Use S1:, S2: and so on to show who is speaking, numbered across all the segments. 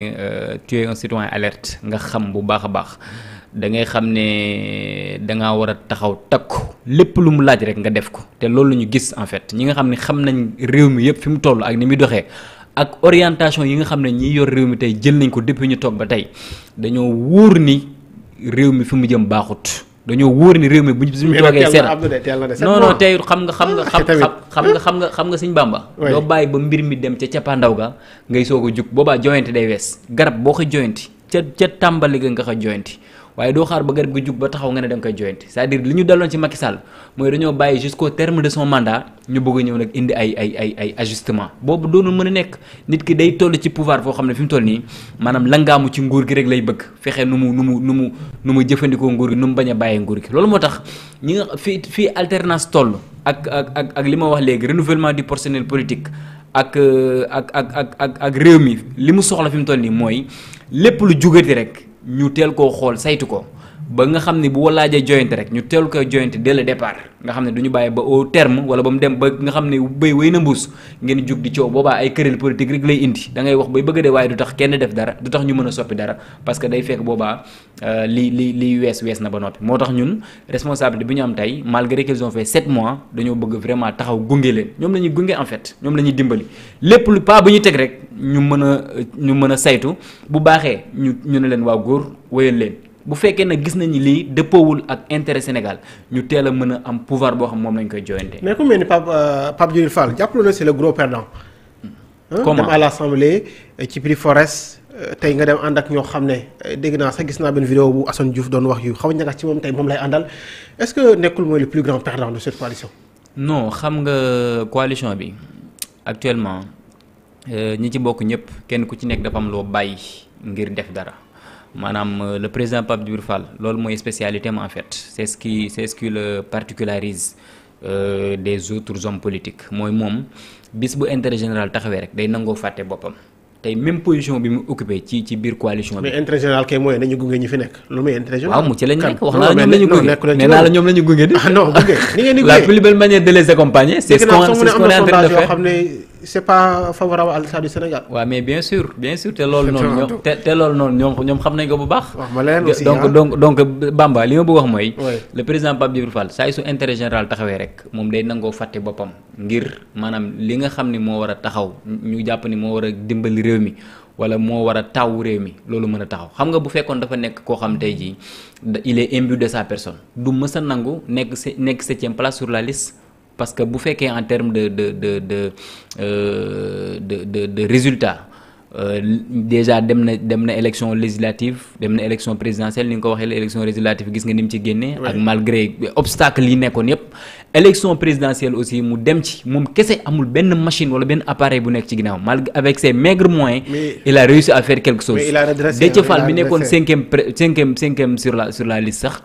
S1: Euh, tu es un citoyen alerte nga xam bu baax a baax da ngay xam ne da ngaa war a taxaw takku lépp lu mu laaj rek nga def ko te loolu la ñu gis en fait ñi nga xam ni xam nañ réew mi yëpp fi mu toll ak ni muy doxee ak orientation yi nga xam ne ñi yor réew mi tey jël nañ ko depuis ñu toog ba tey dañoo wóor ni réew mi fi mu jëm baaxut. dañoo wóor ni réew mi bu buñ suñ toogee seetaan non non tey xam nga xam nga xam xam nga xam nga xam nga suñ bàmba doo bàyyi ba mbir mi dem ca ca cappaandaw ga ngay soog a jug boobaa joyante day wees garab boo ko joyanti ca ca tàmbali ga nga ko joyanti waaye doo xaar ba garab gi jug ba taxaw nga ne da koy joyante c'est-à-dire li ñu daloon ci Macky Sall mooy dañoo bàyyi jusqu'au terme de son mandat ñu bëgg ñëw nag indi ay ay ay ay ajustement boobu doonul mën a nekk nit ki day toll ci pouvoir foo xam ne fi mu toll nii maanaam langaamu ci nguur gi rek lay bëgg fexe nu mu nu mu nu mu nu mu jëfandikoo nguur gi nu mu bañ a bàyyee nguur gi loolu moo tax ñi nga fii fii alternance toll ak ak ak ak li ma wax léegi renouvellement du personnel politique ak euh, ak ak ak ak ak réew mi li mu soxla fi mu toll nii mooy lépp lu jugati rek ñu teel ko xool saytu ko ba nga xam ni bu walaajee joyante rek ñu teel koy joyante dès le départ nga xam ne duñu ñu bàyyi ba au terme wala ba mu dem ba nga xam ne béy way na mbuus ngeen jug di coow boobaa ay këréel politique rek lay indi da ngay wax bay bëgg a dee waaye du tax kenn def dara du tax ñu mën a soppi dara parce que day fekk boobaa euh, li li li wees wees na ba noppi moo tax ñun responsabilité bi ñu am tey malgré qu'ils ont fait sept mois dañoo bëgg vraiment taxaw gunge leen ñoom la ñuy gunge en fait ñoom la ñuy dimbali lépp lu pas bu ñu teg rek ñu mën a ñu mën a saytu bu baaxee ñu ñu ne leen waa góor wéyal leen bu fekkee nag gis nañu lii dëppoowul ak intérêt Sénégal ñu teel a mën a am pouvoir boo xam moom lañ koy joyante
S2: mais ku mel ni Pape euh, Pape Djibril Fall jàppale na c'est le gros perdant. Hmm.
S1: Euh, ci prix forest
S2: euh, tey nga dem ànd ak ñoo xam ne dégg naa sax gis naa benn vidéo bu Assane Diouf doon wax yu xaw a moom tey moom lay àndal est-ce que nekkul mooy le plus grand perdant de cette coalition.
S1: xam nga coalition bi actuellement ñi ci bokk ñëpp kenn ku ci nekk dafa am loo bàyyi ngir def dara. maanaam euh, le président Pape Djibril Fall loolu mooy spécialité en fait c'est ce qui c'est ce qui le particularise euh, des autres hommes politiques mooy moom bis bu intérêt général taxawee rek day nangoo fàtte boppam tey même position bi mu occupé ci ci biir coalition bi. mais intérêt
S2: général kay mooy nañu gunge ñi fi nekk waaw mu ci lañ nekk wax naa la gunge nee naa la ñoom
S1: la gunge. ah non gunge la plus belle manière de les accompagner. c'est ce qu'on
S2: c'est pas favorable à du Sénégal.
S1: waaw mais bien sûr bien sûr te loolu noonu. ñoom te noonu ñoom ñoom xam nañ ko bu baax. donc donc donc Bamba li ma bëgg wax mooy. le président Pape Djibril Fall saa yu su intérêt général taxawee rek moom day nangoo fàtte boppam ngir maanaam li nga xam ni moo war a taxaw ñu jàpp ni moo war a dimbali réew mi. wala moo war a taw réew mi loolu mën a taxaw xam nga bu fekkoon dafa nekk koo xam tey jii il est imbu de sa personne du mës a nangu nekk nekk septième place sur la liste. parce que bu fekkee en terme de de de de euh, de de de résultat euh, dem na dem na élection législative dem na élection présidentielle ni nga ko waxee élection législative gis nga ni mu ci génnee. ak malgré obstacle yi nekkoon yépp élection présidentielle aussi mu dem ci moom kese amul benn machine wala benn appareil bu nekk ci ginnaaw malgré avec ses maigres moyens. il a réussi à faire quelque chose. mais il bi nekkoon cinquième cinquième cinquième sur la sur la liste sax.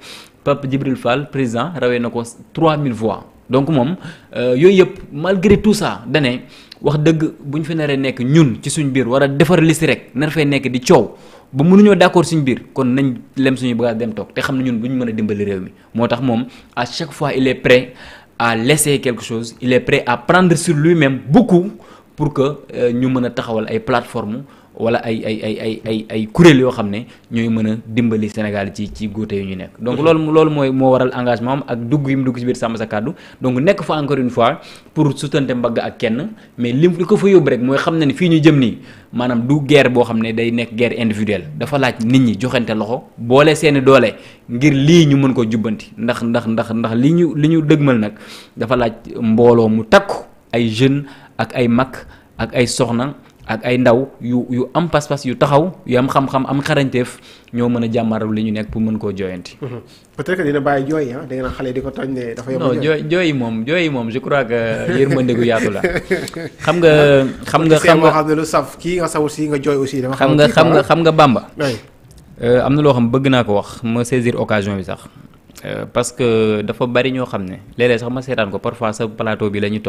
S1: Pape Djibril Fall président rawee na ko 3000 voix donc moom euh, yooyu yëpp malgré tout ça dane wax dëgg bu ñu fi naree nekk ñun ci suñu biir war a defar liste rek nar fay nekk di coow ba mënuñoo d'accord suñ biir kon nañ lem suñu bagage dem toog te xam ne ñun bu ñu mën a dimbali réew mi moo tax moom à chaque fois il est prêt à laisser quelque chose il est prêt à prendre sur lui-même beaucoup pour que euh, ñu mën a taxawal ay plateforme wala ay ay ay ay ay ay kuréel yoo xam ne ñooy mën a dimbali Sénégal ci ci góote yu ñu nekk. donc mhm. loolu loolu mooy moo waral engagement ak dugg yi mu dugg si biir sàmm sa kàddu donc nekk fa encore une fois pour sutante mbagg ak kenn mais lim li ko fa yóbbu rek mooy xam ne ne fii ñu jëm nii maanaam du guerre boo xam ne day nekk guerre individuelle dafa laaj nit ñi joxante loxo boole seeni doole ngir lii ñu mën ko jubbanti ndax ndax ndax ndax li ñu li ñu dëgmal nag dafa laaj mbooloo mu takku ay jeunes. ak ay mag ak ay soxna ak ay ndaw yu yu am pas-pas yu taxaw yu am xam-xam am xarañteef ñoo mën a jàmmaaral li ñu nekk pour mën koo jooyanti.
S2: Mhm. peut-être que dina bàyyi jooy ah da ngeen xale di ko tooñ ne dafa yomb
S1: jooy non moom jooy moom je crois que yërmande gu la. xam nga ah, xam nga xam nga xam
S2: ne kii nga sawul si nga jooy aussi. dama xam nga xam xam
S1: nga Bamba. Euh, am na loo xam bëgg naa ko wax ma saisir occasion bi sax. Euh, parce que dafa bari ñoo xam ne léeg-léeg sax ma seetaan ko parfois sa plateau bi la ñu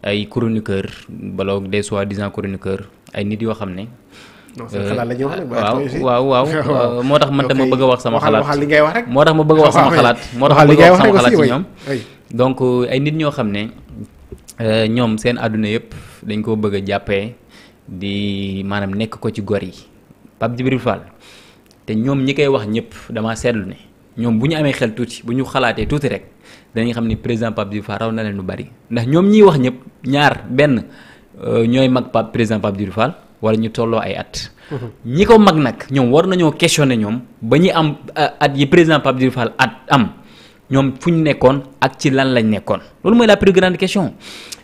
S1: ay chroniqueur bala des soi-disant chroniqueur ay nit yoo xam ne. non la ñuy waaw waaw waaw euh, moo tax man dama bëgg a wax sama xalaat li ngay wax rek. moo tax ma bëgg a wax sama xalaat. moo tax ma bëgg a wax sama xalaat ci ñoom. donc euh, ay nit ñoo xam ne euh, ñoom seen àdduna yëpp dañ koo bëgg a jàppee di maanaam nekk ko ci gor yi Pape Djibril te ñoom ñi koy wax ñëpp damaa seetlu ne ñoom bu ñu amee xel tuuti bu ñu xalaatee tuuti rek. danañ xam ni président Pape Diouf Fall raw na leen lu bari ndax ñoom ñiy wax ñëpp ñaar benn euh, ñooy mag Pape président Pape Diouf Fall wala ñu tolloo ay at. Mhm. ñi ko mag nag ñoom war nañoo questionner ñoom ba ñu am euh, at yi président Pape Diouf Fall at am ñoom fu ñu nekkoon ak ci lan lañ nekkoon loolu mooy la plus grande question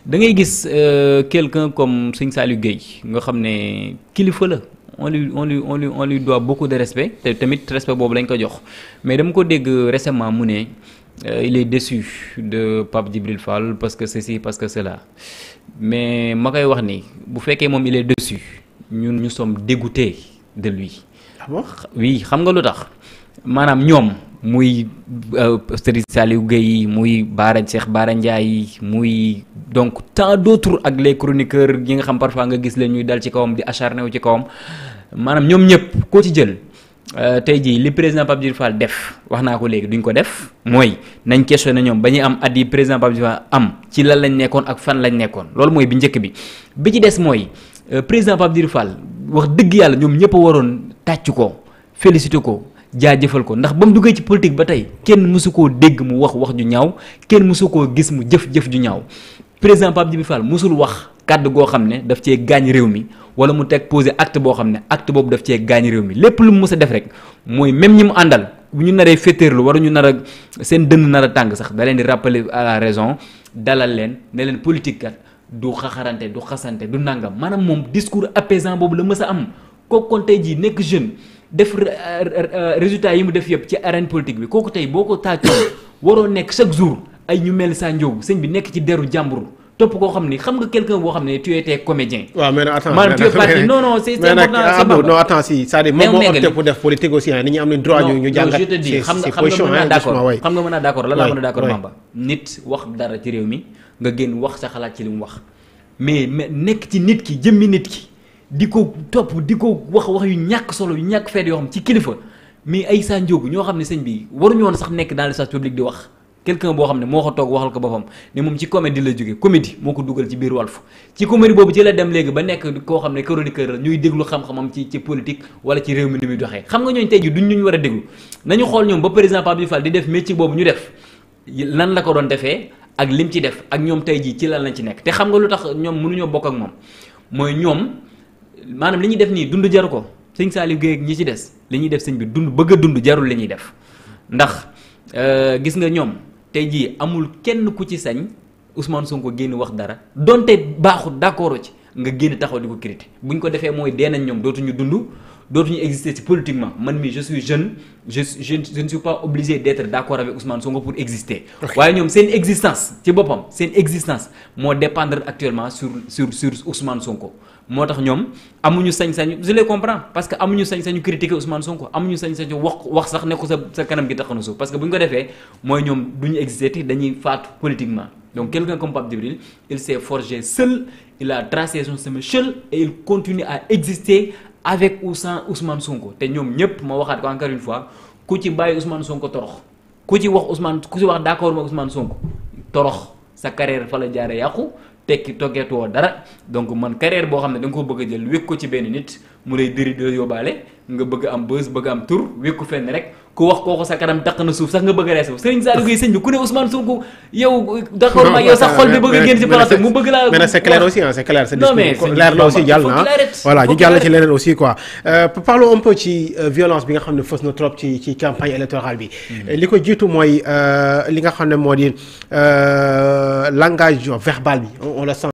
S1: da ngay gis euh, quelqu'un comme suñ Saliou Guèye nga xam ne kilifa la. on lui on lui on lui on lui doit beaucoup de respect tamit respect boobu lañ ko jox mais mu ne Euh, il est déçu de Pape Djibril Fall parce que ceci parce que cela mais ma koy wax ni bu fekkee moom il est déçu ñun ñu somme dégoûtés de lui. ah xam nga lu tax maanaam ñoom muy euh, Serigne Saliou yi muy Baara Cheikh Baara yi muy donc tant d'autres ak les chroniqueurs yi nga xam parfois nga gis leen ñuy dal ci kawam di acharné wu ci kawam maanaam ñoom ñëpp koo ci jël. Euh, tey jii li président Pape Djibril Fall def wax naa ko léegi duñ ko def mooy nañ questionné ñoom ba ñuy am at yi président Pape Djibril Fall am ci lan lañ nekkoon ak fan lañ nekkoon loolu mooy bi njëkk bi bi ci des mooy euh, président Pape Djibril Fall wax dëgg yàlla ñoom ñëpp waroon tàcc ko félicité ko jaajëfal ko ndax ba mu duggee ci politique ba tey kenn mosu koo dégg mu wax wax ju ñaaw kenn mosu koo gis mu jëf jëf ju ñaaw. président Pape Djibril Fall wax kàddu goo xam ne daf cee gaañ réew mi wala mu teg posé acte boo xam ne acte boobu daf cee gaañ réew mi lépp lu mu mës a def rek mooy même ñi mu àndal bu ñu naree féeteerlu waru ñu nar a seen dënn nar a tàng sax da di rappeler raison dalal leen ne leen politique kat du xaxarante du xasante du nangam maanaam moom discours apaisant boobu la mës a am kooku kon tey jii nekk jeune def résultat yi mu def yëpp ci arène politique bi kooku tey boo ko tàccoo waroo nekk chaque jour. ay ñu mel saa njóogu sëñ bi nekk ci deru jàmbur topp koo xam ni xam nga quelqu'un boo xam ne tu étais comédien. waaw mais non attends maanaam
S2: am nañ droit ñu ñu jàngat. je a d'accord
S1: wax dara ci réew mi nga génn wax sa xalaat ci li mu wax mais mais nekk ci nit ki jëmmi nit ki di ko topp di ko wax wax yu ñàkk solo yu ñàkk feet yoo xam ci kilifa mais ay saa njóogu ñoo xam ne sëñ bi waruñu woon sax nekk dans l'espace public di wax quelqu'un boo xam ne moo toog waxal ko boppam ne moom ci comédie la jóge comédie moo ko dugal ci biir Walf ci comédie boobu ci la dem léegi ba nekk koo xam ne chroniqueur la ñuy déglu xam-xamam ci ci politique wala ci réew mi ni muy doxee xam nga ñooñu tey ji duñ ñu war a déglu nañu xool ñoom ba président Pape Diouf Fall di def métier boobu ñu def lan la ko doon defee ak lim ci def ak ñoom tey jii ci lan lañ ci nekk te xam nga lu tax ñoom mënuñoo bokk ak moom mooy ñoom maanaam li ñuy def nii dund jaru ko sëñ Saliou Guèye ak ñi ci des li ñuy def sëñ bi dund bëgg dund jarul li ñuy def ndax euh, gis nga ñoom tey jii amul kenn ku ci sañ Ousmane Sonko génn wax dara donte baaxul d'accord ci nga génn taxaw di ko critiquer bu ñu ko defee mooy dee ñoom dootuñu dund dootuñu exister ci politiquement man mi je suis jeune je je je ne suis pas obligé d' être d' accord avec Ousmane Sonko pour exister. waaye ñoom seen existence ci boppam seen existence moo dépendre actuellement sur sur sur Ousmane Sonko. moo tax ñoom amuñu sañ-sañu je les parce que amuñu sañ-sañu critiquer Ousmane Sonko amuñu sañ-sañu wax wax sax ne ko sa sa kanam gi na suuf parce que bu ñu ko defee mooy ñoom du ñu exister te dañuy faatu politiquement donc quelqu'un comme Pape Djibril il s'est forgé seul il a tracé son chemin seul à exister avec ou sans Ousmane Sonko te ñoom ñëpp ma waxaat ko encore une fois ku ci bàyyi Ousmane Sonko torox ku ci wax Ousmane ku ci wax d'accord ma Ousmane Sonko torox sa carrière fa la jaare yàqu tekki toggeetuwoo dara donc man carrière boo xam ne danga nga ko bëgg a jël wékk ko ci benn nit mu lay diri di yóbbaale nga bëgg am buzz bëgg am tour wékku fenn rek ku wax kooku sa kanam taq na suuf sax nga bëgg a rees Serigne Saliou Gueye sëñ bi ku ne Ousmane Sonko yow d'accord ma yow sax xol bi bëgg a génn ci place mu bëgg laa
S2: mais nag c'est clair aussi hein c'est clair c'est leer la aussi jàll na voilà ñu jàll ci leneen aussi quoi euh, parlons un peu ci euh, violence bi nga xam ne fës ci campagne électorale bi hmm. euh, li ko jiitu mooy li nga xam ne moo di langage verbal bi on le sent